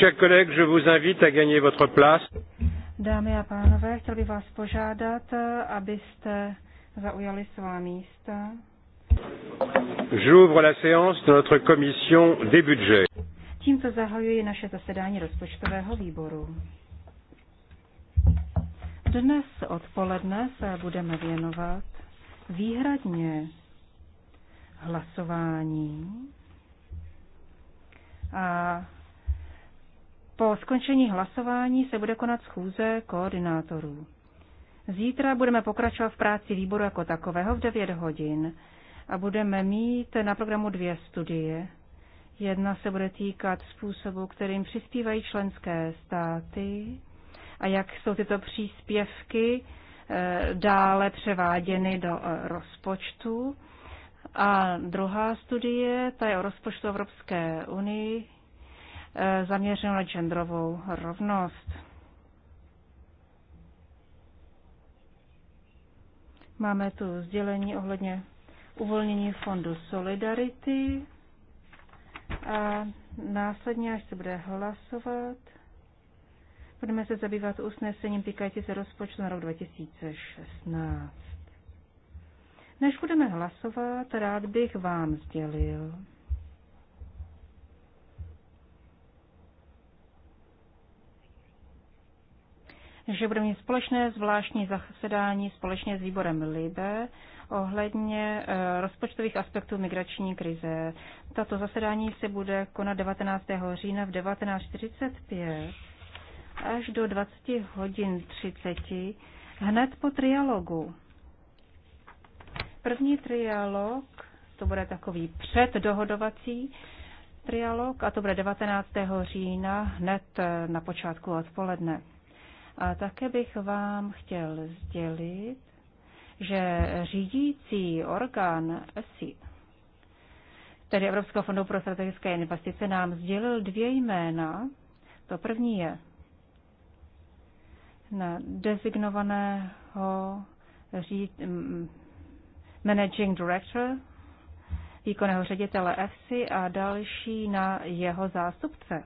Chers collègues, je vous invite à gagner votre place. Dámy a pánové, chtěl bych vás požádat, abyste zaujali svá místa. J'ouvre la séance de notre commission des budgets. Tímto zahajuji naše zasedání rozpočtového výboru. Dnes odpoledne se budeme věnovat výhradně hlasování a po skončení hlasování se bude konat schůze koordinátorů. Zítra budeme pokračovat v práci výboru jako takového v 9 hodin a budeme mít na programu dvě studie. Jedna se bude týkat způsobu, kterým přispívají členské státy a jak jsou tyto příspěvky eh, dále převáděny do eh, rozpočtu. A druhá studie, ta je o rozpočtu Evropské unii, eh, zaměřenou na genderovou rovnost. Máme tu sdělení ohledně uvolnění fondu Solidarity a následně, až se bude hlasovat, budeme se zabývat usnesením týkající se rozpočtu na rok 2016. Než budeme hlasovat, rád bych vám sdělil, že budeme mít společné zvláštní zasedání společně s výborem LIBE ohledně eh, rozpočtových aspektů migrační krize. Tato zasedání se bude konat 19. října v 19.45 až do 20 hodin 30 hned po trialogu. První trialog, to bude takový předdohodovací trialog a to bude 19. října hned eh, na počátku odpoledne. A také bych vám chtěl sdělit, že řídící orgán ESI, tedy Evropského fondu pro strategické investice, nám sdělil dvě jména. To první je na designovaného říd, managing director, výkonného ředitele EFSI a další na jeho zástupce.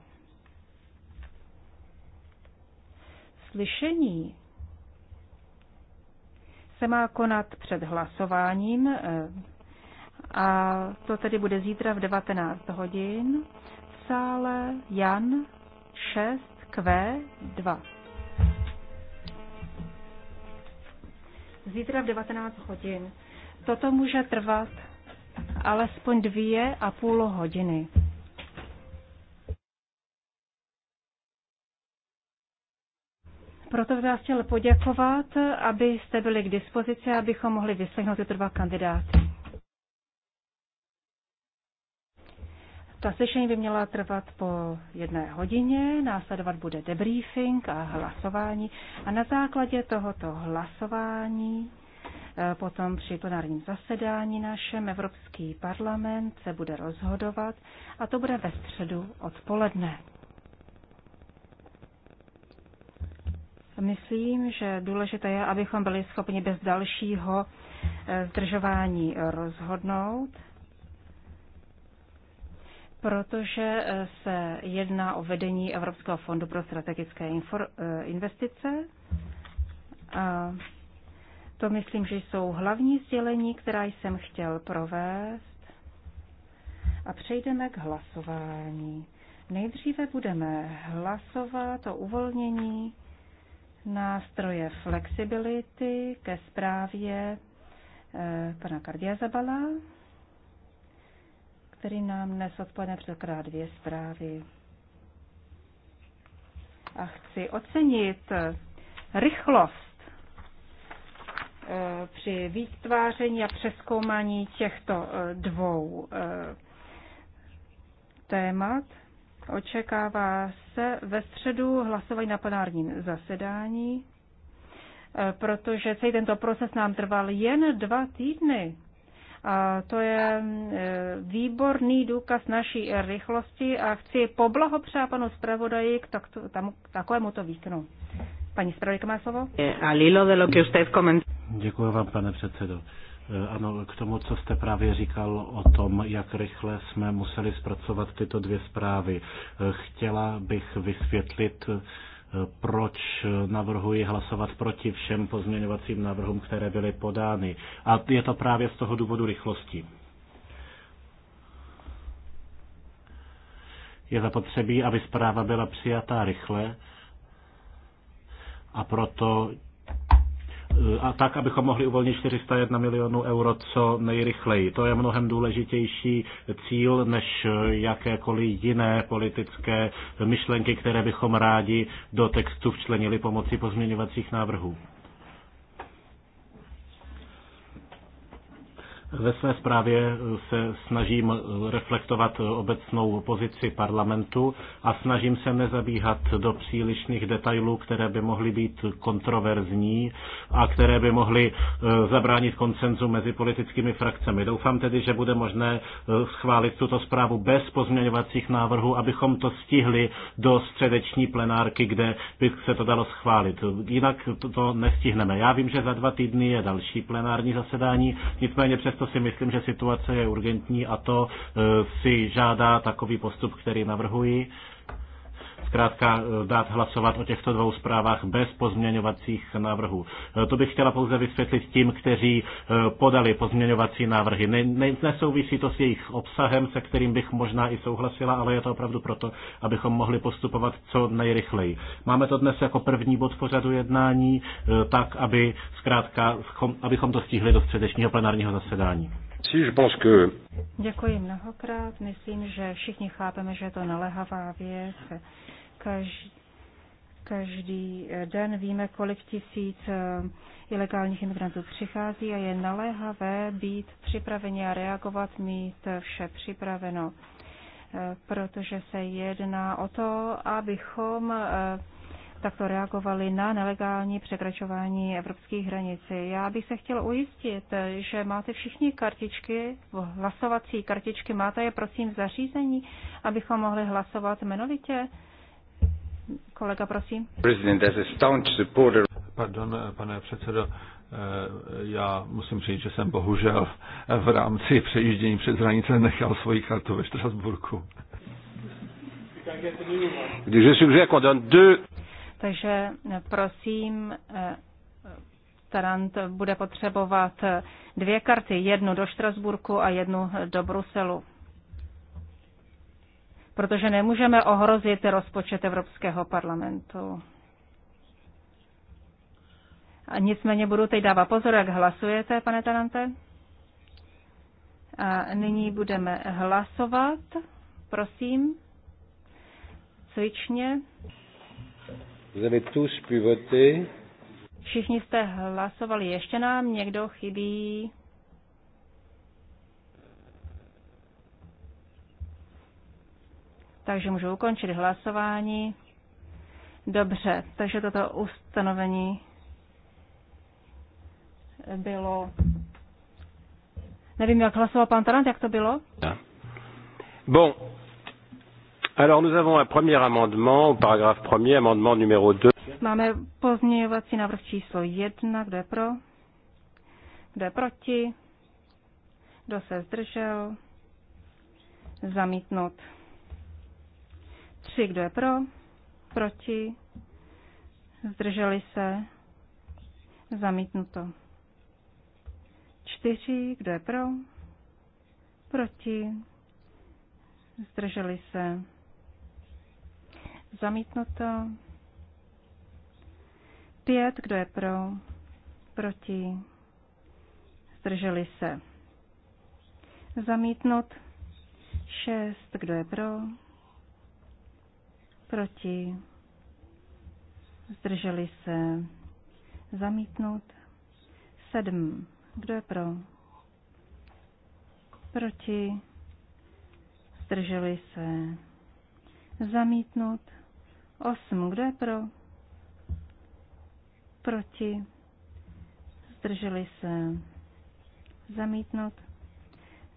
Slyšení se má konat před hlasováním eh, a to tedy bude zítra v 19 hodin v sále Jan 6Q2. Zítra v 19 hodin. Toto může trvat alespoň dvě a půl hodiny. Proto bych vás chtěl poděkovat, abyste byli k dispozici, abychom mohli vyslechnout tyto dva kandidáty. Ta sešení by měla trvat po jedné hodině, následovat bude debriefing a hlasování a na základě tohoto hlasování eh, potom při plenárním zasedání našem Evropský parlament se bude rozhodovat a to bude ve středu odpoledne. Myslím, že důležité je, abychom byli schopni bez dalšího eh, zdržování rozhodnout, protože eh, se jedná o vedení Evropského fondu pro strategické eh, investice. A to myslím, že jsou hlavní sdělení, která jsem chtěl provést. A přejdeme k hlasování. Nejdříve budeme hlasovat o uvolnění nástroje flexibility ke zprávě eh, pana Kardiazabala, který nám dnes odpoledne předkládá dvě zprávy. A chci ocenit eh, rychlost eh, při vytváření a přeskoumání těchto dvou témat Očekává se ve středu hlasování na plenárním zasedání, eh, protože celý tento proces nám trval jen dva týdny. A to je eh, výborný důkaz naší rychlosti a chci poblahopřát panu zpravodaji k, takto, tam, k takovému to výknu. Paní zpravodajka má slovo. Eh, Děkuji vám, pane předsedo. Eh, ano, k tomu, co jste právě říkal o tom, jak rychle jsme museli zpracovat tyto dvě zprávy. Eh, chtěla bych vysvětlit, eh, proč navrhuji hlasovat proti všem pozměňovacím návrhům, které byly podány. A je to právě z toho důvodu rychlosti. Je zapotřebí, aby zpráva byla přijatá rychle a proto Eh, a tak, abychom mohli uvolnit 401 milionů euro co nejrychleji. To je mnohem důležitější cíl než eh, jakékoliv jiné politické myšlenky, které bychom rádi do textu včlenili pomocí pozměňovacích návrhů. Ve své zprávě se snažím reflektovat obecnou pozici parlamentu a snažím se nezabíhat do přílišných detailů, které by mohly být kontroverzní a které by mohly eh, zabránit koncenzu mezi politickými frakcemi. Doufám tedy, že bude možné eh, schválit tuto zprávu bez pozměňovacích návrhů, abychom to stihli do středeční plenárky, kde by se to dalo schválit. Jinak to nestihneme. Já vím, že za dva týdny je další plenární zasedání, nicméně přes přesto si myslím, že situace je urgentní a to eh, si žádá takový postup, který navrhuji zkrátka eh, dát hlasovat o těchto dvou zprávách bez pozměňovacích návrhů. Eh, to bych chtěla pouze vysvětlit tím, kteří eh, podali pozměňovací návrhy. Ne, ne, nesouvisí to s jejich obsahem, se kterým bych možná i souhlasila, ale je to opravdu proto, abychom mohli postupovat co nejrychleji. Máme to dnes jako první bod pořadu jednání, tak aby zkrátka, abychom to stihli do středečního plenárního zasedání. Děkuji mnohokrát. Myslím, že všichni chápeme, že je to nalehavá věc. Každý, každý den víme, kolik tisíc eh, ilegálních imigrantů přichází a je naléhavé být připraveni a reagovat, mít vše připraveno, eh, protože se jedná o to, abychom eh, takto reagovali na nelegální překračování evropských hranic. Já bych se chtěl ujistit, že máte všichni kartičky, hlasovací kartičky, máte je prosím v zařízení, abychom mohli hlasovat jmenovitě. Kolega, prosím. Pardon, pane předsedo, eh, já musím říct, že jsem bohužel v rámci přejíždění přes hranice nechal svoji kartu ve Štrasburku. Takže prosím, Tarant bude potřebovat dvě karty, jednu do Štrasburku a jednu do Bruselu. Protože nemůžeme ohrozit rozpočet Evropského parlamentu. A nicméně budu teď dávat pozor, jak hlasujete, pane Tarante. A nyní budeme hlasovat. Prosím, cvičně. Vous avez tous pu voter. Všichni jste hlasovali. Ještě nám někdo chybí? Takže můžu ukončit hlasování. Dobře, takže toto ustanovení bylo. Nevím, jak hlasoval pan Tarant, jak to bylo? Bon, Alors nous avons un premier amendement au paragraphe premier, amendement numéro 2. Máme pozměňovací návrh číslo 1, kdo je pro? Kdo je proti? Kdo se zdržel? Zamítnout. 3, kdo je pro? Proti? Zdrželi se? Zamítnuto. 4, kdo je pro? Proti? Zdrželi se? Zamítnuto. Pět, kdo je pro? Proti? Zdrželi se. Zamítnut. Šest, kdo je pro? Proti? Zdrželi se. Zamítnut. Sedm, kdo je pro? Proti? Zdrželi se. Zamítnut. 8. Kdo je pro? Proti? Zdrželi se? Zamítnout?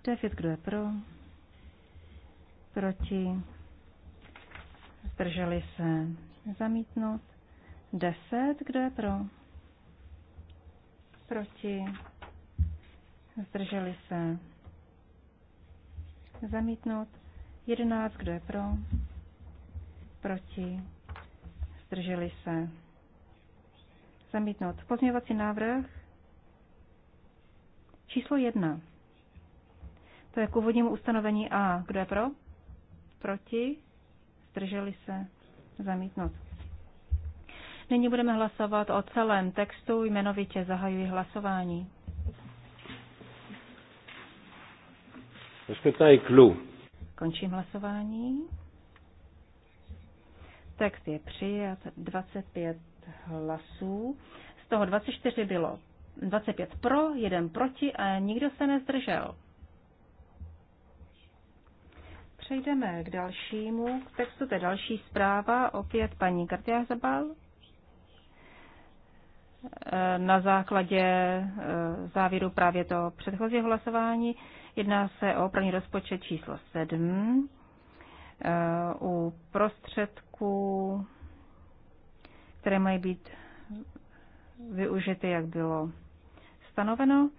9. Kdo je pro? Proti? Zdrželi se? Zamítnout? 10. Kdo je pro? Proti? Zdrželi se? Zamítnout? 11. Kdo je pro? proti, zdrželi se. Zamítnout. Pozměňovací návrh číslo jedna. To je k úvodnímu ustanovení A. Kdo je pro? Proti, zdrželi se. Zamítnout. Nyní budeme hlasovat o celém textu, jmenovitě zahajuji hlasování. Končím hlasování. Text je přijat 25 hlasů. Z toho 24 bylo 25 pro, jeden proti a nikdo se nezdržel. Přejdeme k dalšímu k textu, to je další zpráva, opět paní Kartia Zabal. E, na základě e, závěru právě toho předchozího hlasování jedná se o první rozpočet číslo 7 Eh, u prostředků, které mají být využity, jak bylo stanoveno.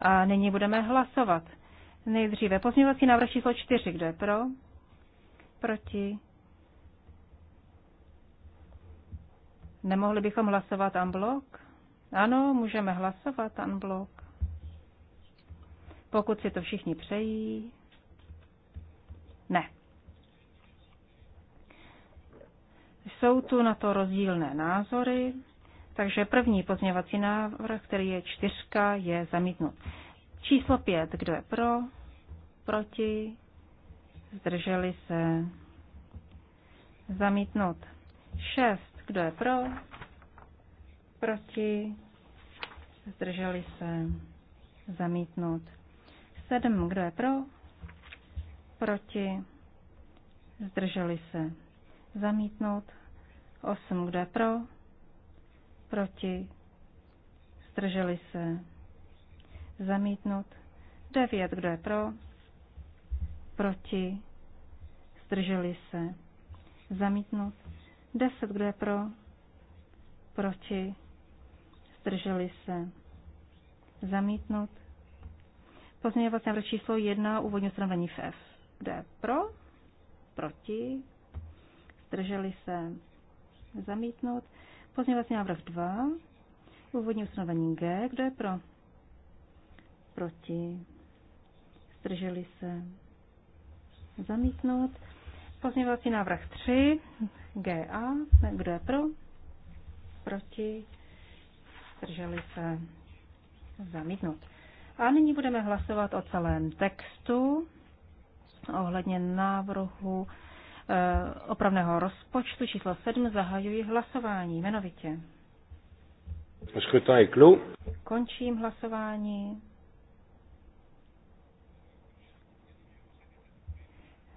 A nyní budeme hlasovat. Nejdříve pozměňovací návrh číslo 4. Kdo je pro? Proti? Nemohli bychom hlasovat unblock? Ano, můžeme hlasovat unblock. Pokud si to všichni přejí. Ne. Jsou tu na to rozdílné názory, takže první pozměňovací návrh, který je čtyřka, je zamítnut. Číslo pět, kdo je pro, proti, zdrželi se, zamítnut. Šest, kdo je pro, proti, zdrželi se, zamítnut. sedm, Kdo je pro? Proti, zdrželi se, zamítnout, 8 je pro, proti, zdrželi se, zamítnout, 9 je pro, proti, zdrželi se, zamítnout, 10 je pro, proti, zdrželi se, zamítnout, pozměňovací návrh číslo 1, úvodní ustanovení v F, je pro, proti, zdrželi se zamítnout. Pozměňovací návrh 2, úvodní ustanovení G, kdo je pro? Proti, zdrželi se zamítnout. Pozměňovací návrh 3, GA, kdo je pro? Proti, zdrželi se zamítnout. A nyní budeme hlasovat o celém textu ohledně návrhu Eh, opravného rozpočtu číslo 7 zahajuji hlasování jmenovitě. Končím hlasování.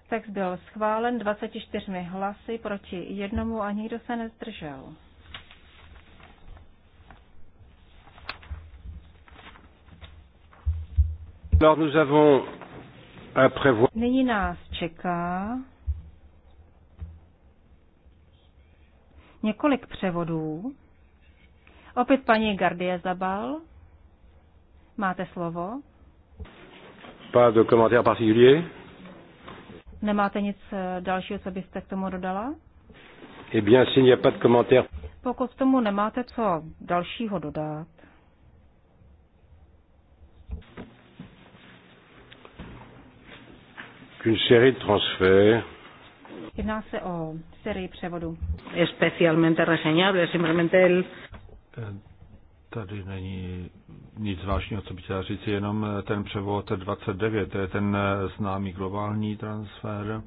Text byl schválen 24 hlasy proti jednomu a nikdo se nezdržel. Nyní nás čeká několik převodů. Opět paní Gardie Zabal. Máte slovo. Pas de commentaire particulier. Nemáte nic eh, dalšího, co byste k tomu dodala? Eh bien, s'il n'y a pas de commentaire. Pokud k tomu nemáte co dalšího dodat. Qu'une série de transferts. Jedná se o který převodů. Especialmente reseñable, simplemente el... Tady není nic zvláštního, co bych chtěl říct, jenom ten převod 29, to je ten známý globální transfer,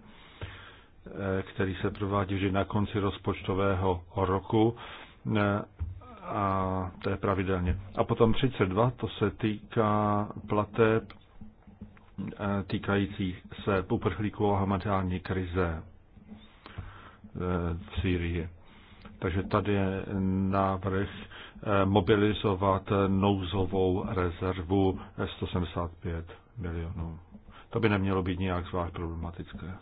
který se provádí vždy na konci rozpočtového roku a to je pravidelně. A potom 32, to se týká plateb e, týkajících se uprchlíků a humanitární krize v eh, Sýrii. Takže tady je návrh eh, mobilizovat nouzovou rezervu 175 eh, milionů. To by nemělo být nějak zvlášť problematické.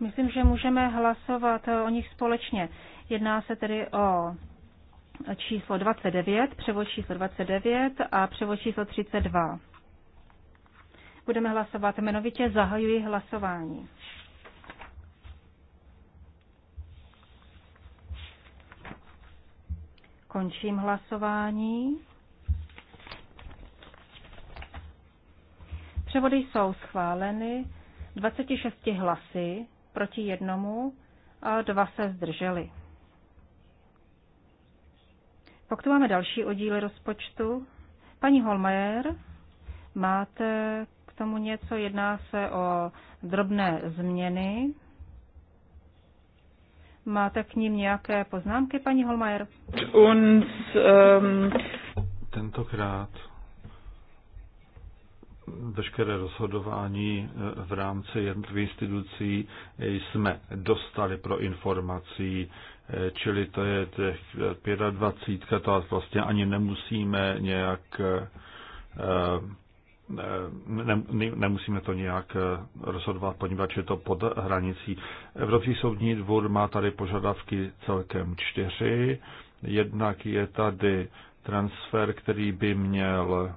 Myslím, že můžeme hlasovat o nich společně. Jedná se tedy o číslo 29, převod číslo 29 a převod číslo 32. Budeme hlasovat jmenovitě, zahajuji hlasování. Končím hlasování. Převody jsou schváleny 26 hlasy proti jednomu a dva se zdrželi. Pak tu máme další oddíly rozpočtu. Paní Holmajer, máte k tomu něco? Jedná se o drobné změny. Máte k ním nějaké poznámky, paní Holmajer? Und, um... Ehm, Tentokrát veškeré rozhodování eh, v rámci jednotlivých institucí jsme dostali pro informací, eh, čili to je těch 25, eh, to vlastně ani nemusíme nějak ne, ne, nemusíme to nějak rozhodovat, poněvadž je to pod hranicí. Evropský soudní dvůr má tady požadavky celkem čtyři. Jednak je tady transfer, který by měl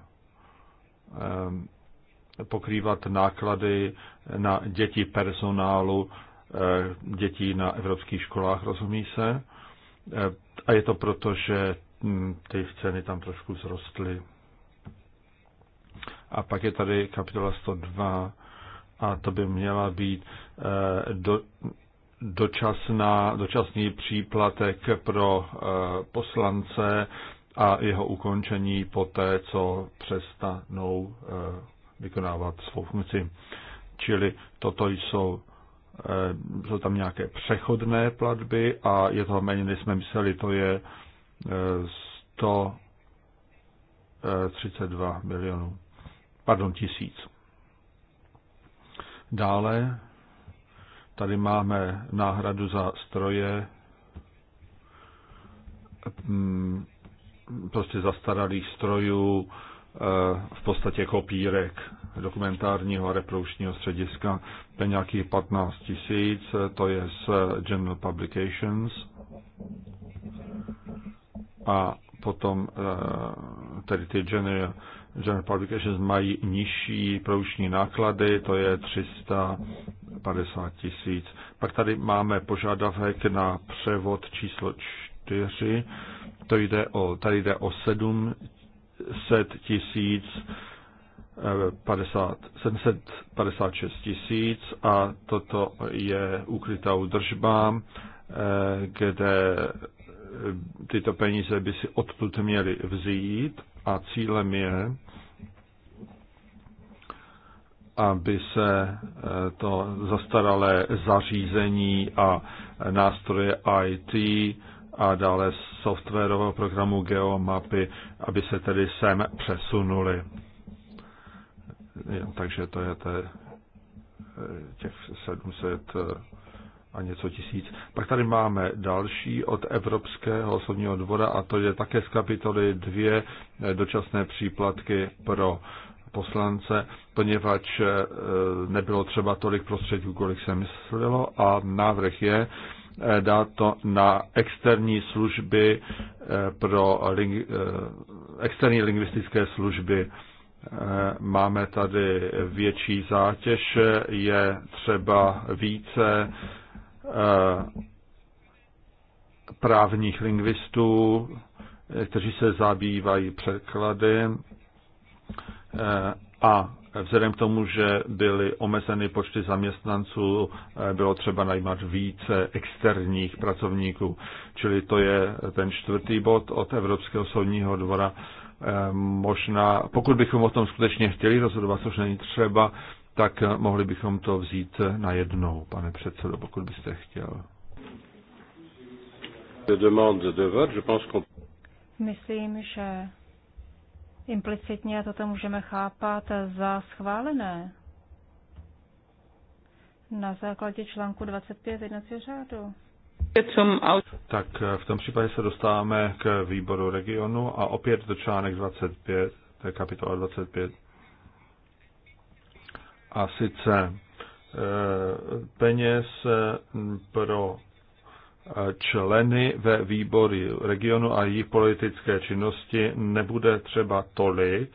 pokrývat náklady na děti personálu, eh, dětí na evropských školách, rozumí se. Eh, a je to proto, že hm, ty ceny tam trošku zrostly. A pak je tady kapitola 102 a to by měla být eh, do, dočasná, dočasný příplatek pro poslance a jeho ukončení poté, co přestanou vykonávat svou funkci. Čili toto jsou, eh, jsou tam nějaké přechodné platby a je to méně, než jsme mysleli, to je 132 eh, eh, milionů, pardon, tisíc. Dále tady máme náhradu za stroje, hm, prostě zastaralých strojů, Eh, v podstatě kopírek dokumentárního a reprodukčního střediska. To je nějakých 15 tisíc, to je z eh, General Publications. A potom eh, tedy ty General, General Publications mají nižší produkční náklady, to je 350 tisíc. Pak tady máme požadavek na převod číslo 4, to jde o, tady jde o 7 700 tisíc 50, 756 tisíc a toto je ukrytá udržba, eh, kde eh, tyto peníze by si odtud měly vzít a cílem je, aby se eh, to zastaralé zařízení a nástroje IT a dále softwarového programu Geomapy, aby se tedy sem přesunuli. Takže to je te těch 700 eh, a něco tisíc. Pak tady máme další od Evropského soudního dvora a to je také z kapitoly dvě eh, dočasné příplatky pro poslance, poněvadž eh, nebylo třeba tolik prostředků, kolik se myslelo a návrh je, Eh, dát to na externí služby eh, pro ling, eh, externí lingvistické služby. Máme tady větší zátěž, je třeba více právních lingvistů, kteří se zabývají překlady a Vzhledem k tomu, že byly omezeny počty zaměstnanců, eh, bylo třeba najímat více externích pracovníků. Čili to je ten čtvrtý bod od Evropského soudního dvora. Eh, možná, pokud bychom o tom skutečně chtěli rozhodovat, což není třeba, tak eh, mohli bychom to vzít na jednou, pane předsedo, pokud byste chtěl. Myslím, že Implicitně toto můžeme chápat za schválené na základě článku 25 jednacího řádu. Tak v tom případě se dostáváme k výboru regionu a opět do článek 25, to je kapitola 25. A sice eh, peněz mm, pro členy ve výbory regionu a jejich politické činnosti nebude třeba tolik,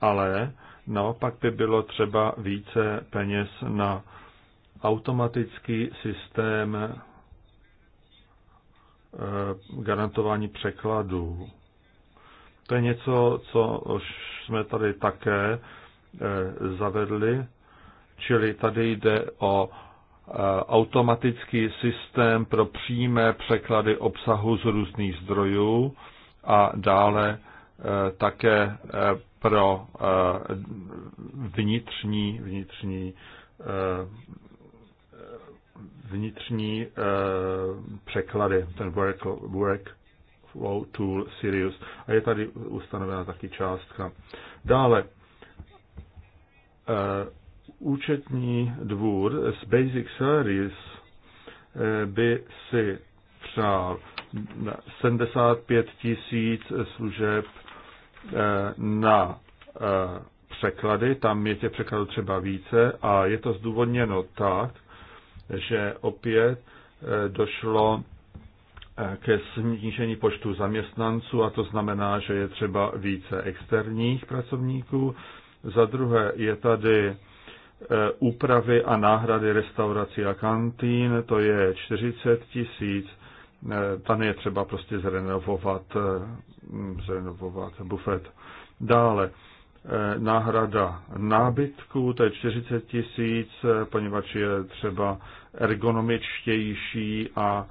ale naopak by bylo třeba více peněz na automatický systém eh, garantování překladů. To je něco, co už jsme tady také eh, zavedli, čili tady jde o Eh, automatický systém pro přímé překlady obsahu z různých zdrojů a dále eh, také eh, pro vnitřní, vnitřní, vnitřní překlady, ten work, work flow tool Sirius. A je tady ustanovena taky částka. Dále účetní dvůr z Basic Service eh, by si přál 75 tisíc služeb eh, na eh, překlady, tam je těch překladů třeba více a je to zdůvodněno tak, že opět došlo ke snížení počtu zaměstnanců a to znamená, že je třeba více externích pracovníků. Za druhé je tady Eh, úpravy a náhrady restaurací a kantín, to je 40 tisíc. Eh, tam je třeba prostě zrenovovat, eh, mm, zrenovovat bufet. Dále náhrada nábytku, to je 40 tisíc, poněvadž je třeba ergonomičtější a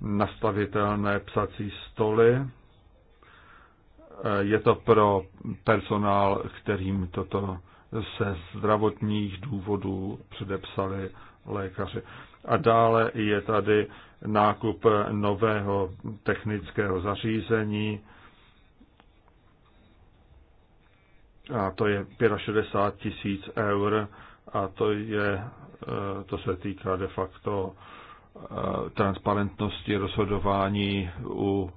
nastavitelné psací stoly. Je to pro personál, kterým toto se zdravotních důvodů předepsali lékaři. A dále je tady nákup nového technického zařízení, a to je 65 tisíc eur a to, je, eh, to se týká de facto Eh, transparentnosti rozhodování u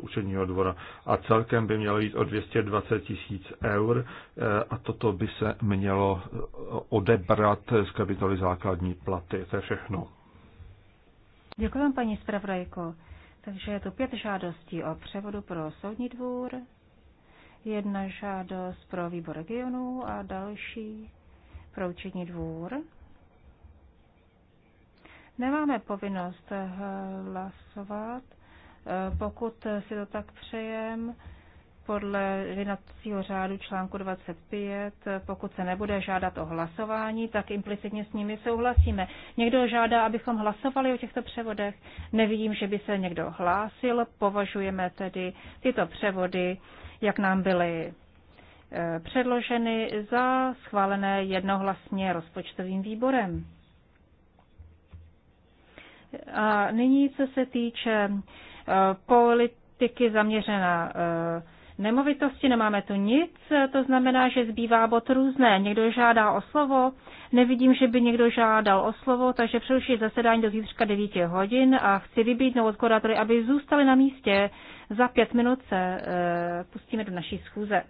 účetního eh, dvora. A celkem by mělo jít o 220 tisíc eur eh, a toto by se mělo odebrat z kapitoly základní platy. To je všechno. Děkuji vám, paní zpravodajko. Takže je tu pět žádostí o převodu pro soudní dvůr, jedna žádost pro výbor regionu a další pro účetní dvůr. Nemáme povinnost eh, hlasovat, eh, pokud si to tak přejem, podle jednacího řádu článku 25, eh, pokud se nebude žádat o hlasování, tak implicitně s nimi souhlasíme. Někdo žádá, abychom hlasovali o těchto převodech. Nevidím, že by se někdo hlásil. Považujeme tedy tyto převody, jak nám byly předloženy za schválené jednohlasně rozpočtovým výborem. A nyní, co se týče eh, politiky zaměřená eh, nemovitosti, nemáme tu nic, to znamená, že zbývá bod různé. Někdo žádá o slovo, nevidím, že by někdo žádal o slovo, takže přerušuji zasedání do zítřka 9 hodin a chci vybídnout koordinátory, aby zůstali na místě. Za pět minut se eh, pustíme do naší schůze.